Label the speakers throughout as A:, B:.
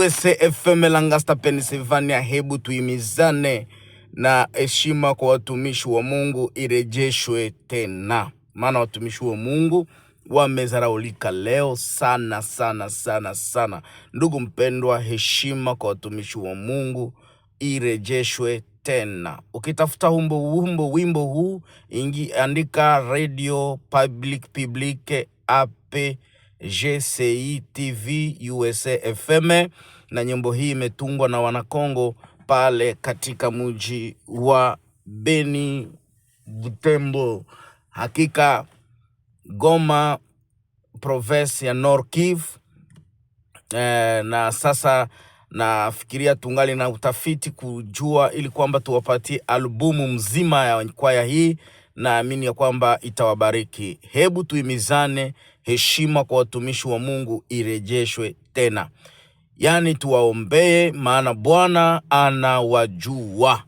A: USA FM Langasta Pennsylvania. Hebu tuimizane na heshima kwa watumishi wa Mungu irejeshwe tena, maana watumishi wa Mungu wamezaraulika leo sana sana sana sana. Ndugu mpendwa, heshima kwa watumishi wa Mungu irejeshwe tena. Ukitafuta humbo humbo wimbo huu ingi, andika radio public public ape GCI TV USA FM, na nyimbo hii imetungwa na Wanakongo pale katika mji wa Beni Butembo. Hakika Goma province ya North Kivu. Eh, na sasa nafikiria tungali na utafiti kujua ili kwamba tuwapatie albumu mzima ya kwaya hii naamini ya kwamba itawabariki. Hebu tuimizane, heshima kwa watumishi wa Mungu irejeshwe tena, yaani tuwaombee, maana Bwana anawajua.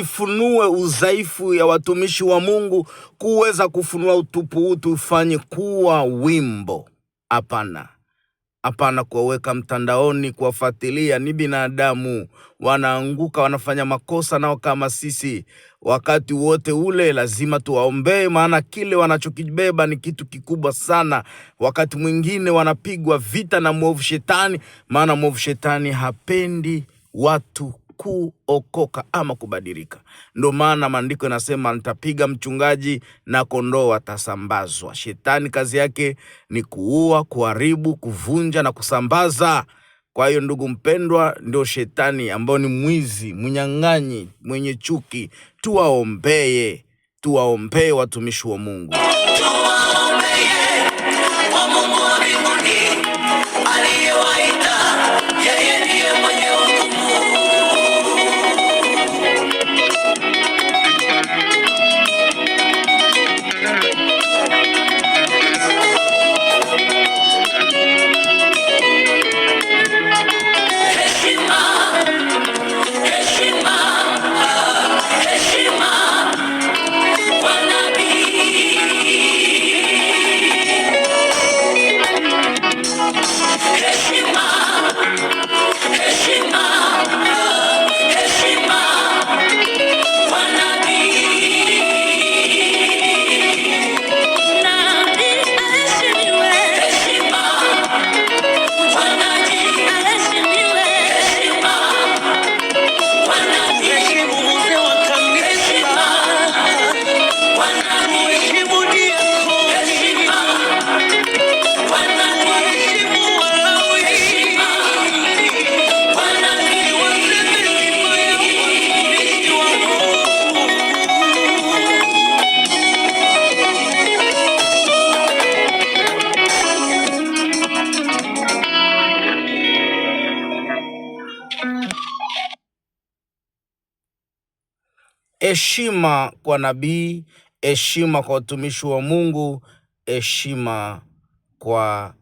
A: usifunue udhaifu ya watumishi wa Mungu kuweza kufunua utupu huu tufanye kuwa wimbo. Hapana, hapana, kuwaweka mtandaoni, kuwafuatilia. Ni binadamu, wanaanguka, wanafanya makosa nao kama sisi. Wakati wote ule lazima tuwaombee, maana kile wanachokibeba ni kitu kikubwa sana. Wakati mwingine wanapigwa vita na mwovu shetani, maana mwovu shetani hapendi watu kuokoka ama kubadilika. Ndio maana maandiko yanasema nitapiga mchungaji na kondoo watasambazwa. Shetani kazi yake ni kuua, kuharibu, kuvunja na kusambaza. Kwa hiyo ndugu mpendwa, ndio shetani ambao ni mwizi, mnyang'anyi, mwenye chuki. Tuwaombee, tuwaombee watumishi wa Mungu. heshima kwa nabii, heshima kwa utumishi wa Mungu, heshima kwa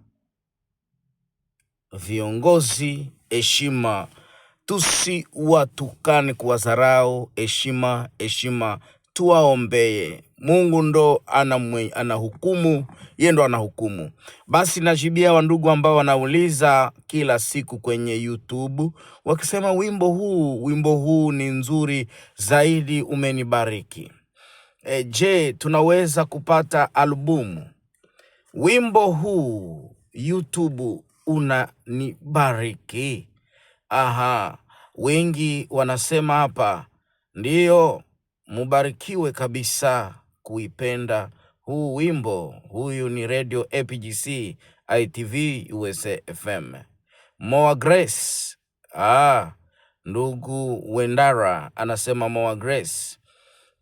A: viongozi, heshima. Tusiwatukane, kuwadharau. Heshima, heshima, tuwaombee. Mungu ndo anahukumu, yeye ndo anahukumu. Basi najibia wandugu ambao wanauliza kila siku kwenye YouTube wakisema wimbo huu, wimbo huu ni nzuri zaidi, umenibariki. E, je, tunaweza kupata albumu? Wimbo huu YouTube unanibariki? Aha, wengi wanasema hapa, ndiyo mubarikiwe kabisa kuipenda huu wimbo. Huyu ni Radio APGC ITV USA FM. Moa Grace, ah, ndugu Wendara anasema Moa Grace,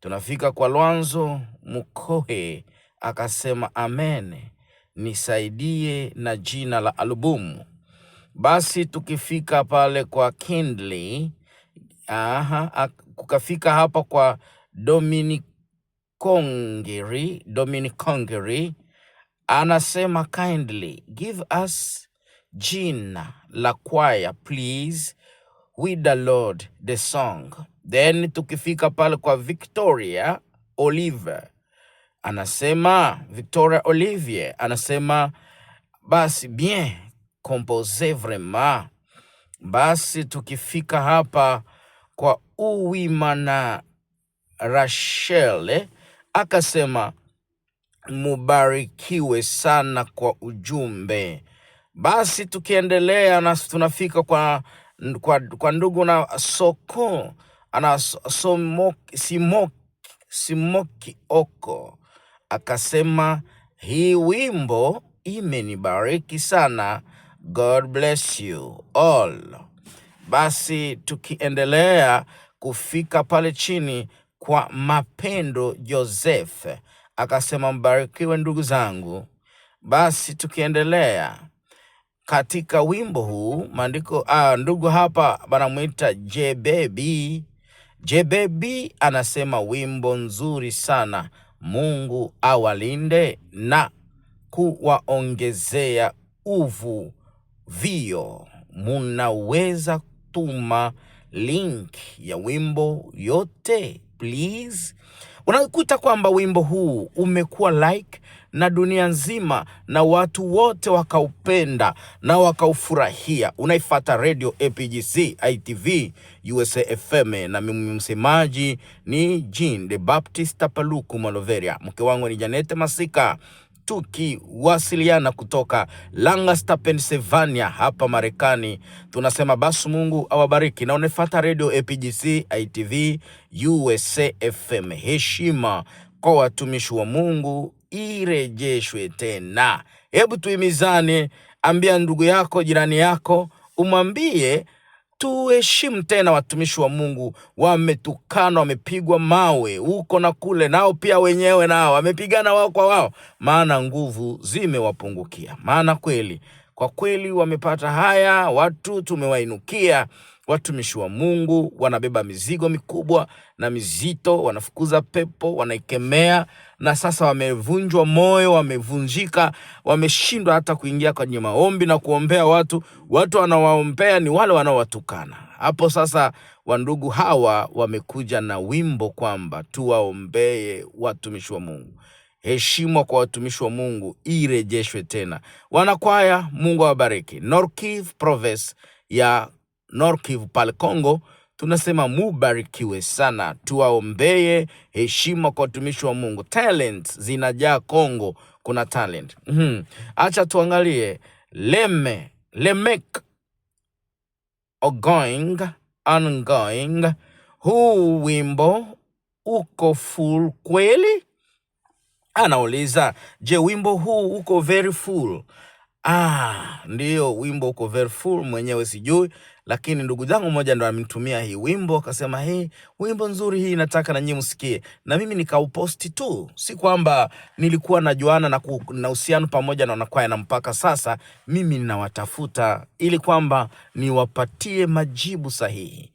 A: tunafika kwa Lwanzo Mukohe akasema amen, nisaidie na jina la albumu. Basi tukifika pale kwa Kindly, aha, kukafika hapa kwa Dominic Kongiri, Dominic Kongiri anasema kindly give us jina la kwaya please, we the Lord the song. Then tukifika pale kwa Victoria Oliver anasema Victoria Olivier anasema basi bien compose vraiment. Basi tukifika hapa kwa Uwimana Rachel akasema mubarikiwe sana kwa ujumbe. Basi tukiendelea na tunafika kwa, kwa, kwa ndugu na soko ana simoki oko akasema hii wimbo imenibariki sana. God bless you all. Basi tukiendelea kufika pale chini kwa mapendo Joseph akasema, mbarikiwe ndugu zangu. Basi tukiendelea katika wimbo huu maandiko ah, ndugu hapa banamwita JBB. JBB anasema wimbo nzuri sana, Mungu awalinde na kuwaongezea uvu vio Munaweza tuma link ya wimbo yote please. Unakuta kwamba wimbo huu umekuwa like na dunia nzima na watu wote wakaupenda na wakaufurahia. Unaifata radio APGC, ITV, USA FM, na mimi msemaji ni Jean the Baptist paluku Maloveria, mke wangu ni Janete Masika tukiwasiliana kutoka Lancaster, Pennsylvania hapa Marekani. Tunasema basi Mungu awabariki na unafuata Radio APGC ITV USA FM. Heshima kwa watumishi wa Mungu irejeshwe tena. Hebu tuimizane, ambia ndugu yako, jirani yako, umwambie hatuheshimu tena watumishi wa Mungu, wametukana wamepigwa mawe huko na kule, nao pia wenyewe nao wamepigana wao kwa wao, maana nguvu zimewapungukia. Maana kweli kwa kweli wamepata haya, watu tumewainukia Watumishi wa Mungu wanabeba mizigo mikubwa na mizito, wanafukuza pepo, wanaikemea, na sasa wamevunjwa moyo, wamevunjika, wameshindwa hata kuingia kwenye maombi na kuombea watu. Watu wanawaombea ni wale wanaowatukana. Hapo sasa wandugu hawa wamekuja na wimbo kwamba tuwaombee watumishi wa Mungu. Heshima kwa watumishi wa Mungu irejeshwe tena. Wanakwaya, Mungu awabariki. Norkiv Proves ya Nord Kivu pale Kongo, tunasema mubarikiwe sana, tuwaombee heshima kwa watumishi wa Mungu. Talent zinajaa Kongo, kuna talent mm-hmm. Acha tuangalie leme lemek ongoing ongoing. Huu wimbo uko full kweli? Anauliza, je, wimbo huu uko very full? Ah, ndio wimbo uko very full mwenyewe sijui, lakini ndugu zangu mmoja ndo amenitumia hii wimbo akasema, hii wimbo nzuri hii, nataka na nyinyi msikie, na mimi nikauposti tu. Si kwamba nilikuwa najuana na na uhusiano pamoja na wanakwaya, na mpaka sasa mimi ninawatafuta ili kwamba niwapatie majibu sahihi.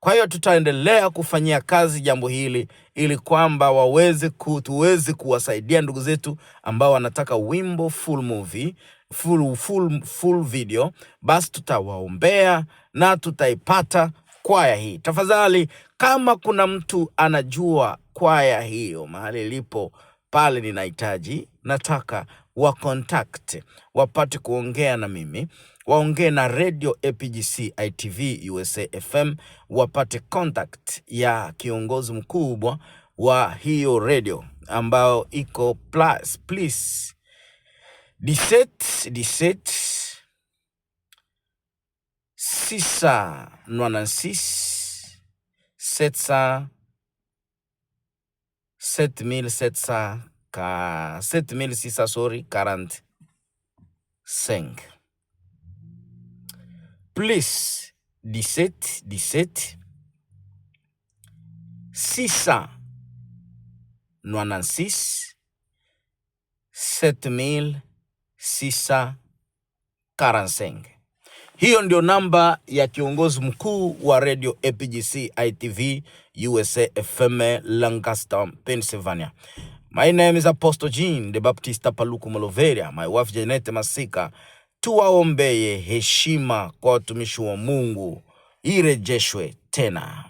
A: Kwa hiyo tutaendelea kufanyia kazi jambo hili ili kwamba waweze ku, tuweze kuwasaidia ndugu zetu ambao wanataka wimbo full movie full, full, full video, basi tutawaombea na tutaipata kwaya hii. Tafadhali, kama kuna mtu anajua kwaya hiyo mahali ilipo pale, ninahitaji nataka wa contact wapate kuongea na mimi, waongee na Radio APGC ITV USA FM, wapate contact ya kiongozi mkubwa wa hiyo radio ambayo iko plus, please six 17 17 696 700 7700 ka 7600 sorry cinq plus 17 six 696 7000 karanseng Hiyo ndio namba ya kiongozi mkuu wa Radio APGC ITV USA FM Lancaster, Pennsylvania. My name is Apostle Jean de Baptista Paluku Moloveria, my wife Janet Masika. Tuwaombeye heshima kwa watumishi wa Mungu irejeshwe tena.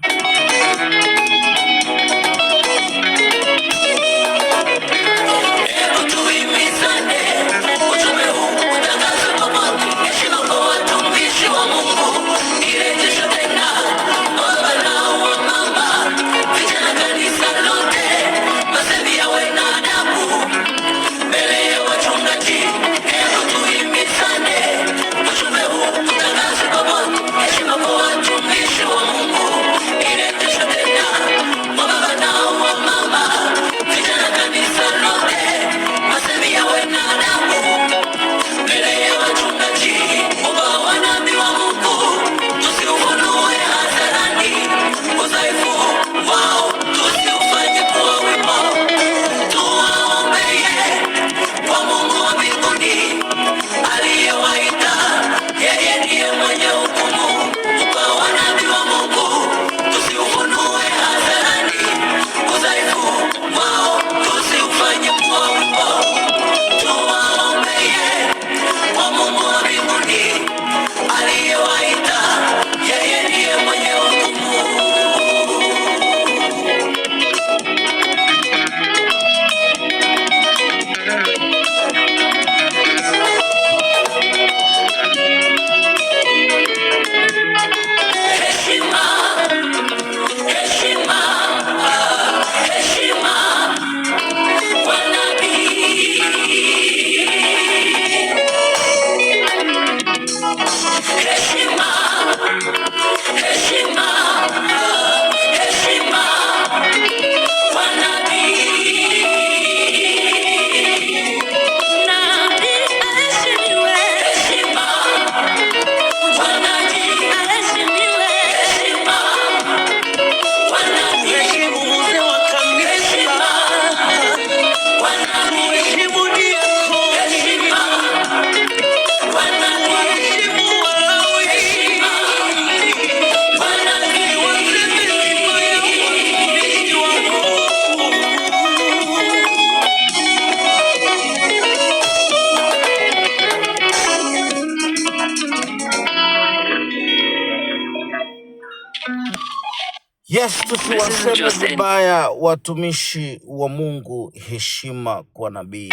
A: yes, tusiwaseme vibaya watumishi wa Mungu. Heshima kwa nabii,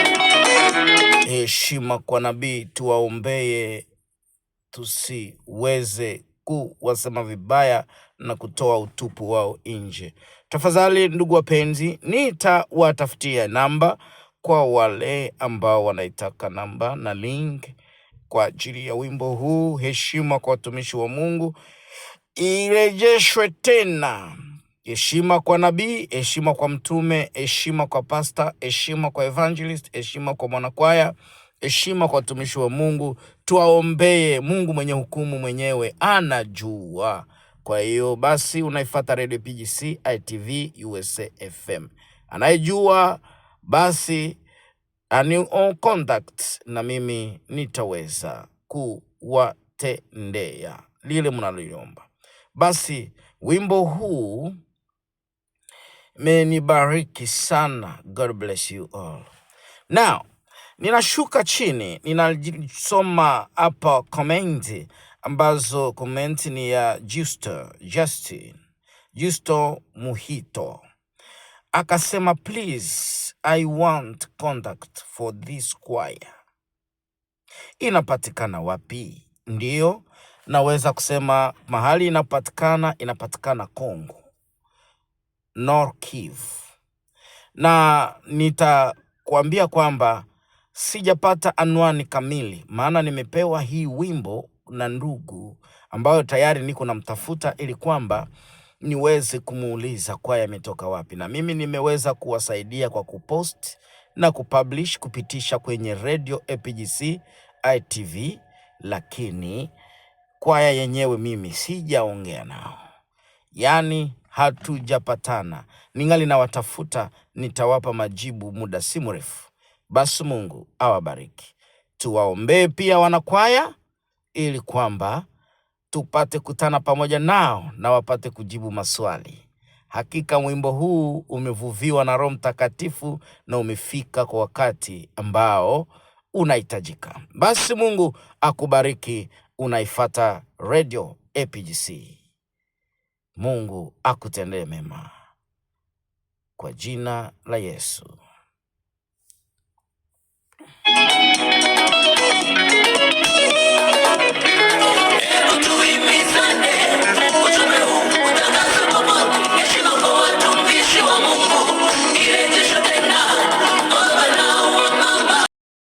A: heshima kwa nabii. Tuwaombee tusiweze kuwasema vibaya na kutoa utupu wao nje. Tafadhali ndugu wapenzi, nitawatafutia namba kwa wale ambao wanaitaka namba na link kwa ajili ya wimbo huu, heshima kwa watumishi wa Mungu irejeshwe tena. Heshima kwa nabii, heshima kwa mtume, heshima kwa pasta, heshima kwa evangelist, heshima kwa mwanakwaya, heshima kwa watumishi wa Mungu. Tuwaombee. Mungu mwenye hukumu mwenyewe anajua. Kwa hiyo basi, unaifuata Radio PGC, ITV, USA FM. Anayejua basi ani on contact na mimi nitaweza kuwatendea lile mnaloiomba basi wimbo huu menibariki sana. God bless you all. Now ninashuka chini, ninasoma hapa komenti ambazo komenti ni ya Justo, Justin Justo Muhito akasema, please I want contact for this choir. Inapatikana wapi? Ndiyo, naweza kusema mahali inapatikana inapatikana Kongo Nord Kivu, na nitakuambia kwamba sijapata anwani kamili, maana nimepewa hii wimbo na ndugu ambayo tayari niko namtafuta ili kwamba niweze kumuuliza kwaya ametoka wapi, na mimi nimeweza kuwasaidia kwa kupost na kupublish kupitisha kwenye radio APGC ITV, lakini kwaya yenyewe mimi sijaongea nao, yaani hatujapatana. ningali nawatafuta, nitawapa majibu muda si mrefu. Basi Mungu awabariki. Tuwaombee pia wanakwaya, ili kwamba tupate kutana pamoja nao na wapate kujibu maswali. Hakika wimbo huu umevuviwa na Roho Mtakatifu na umefika kwa wakati ambao unahitajika. Basi Mungu akubariki unaifata Radio APGC. Mungu akutendee mema kwa jina la Yesu.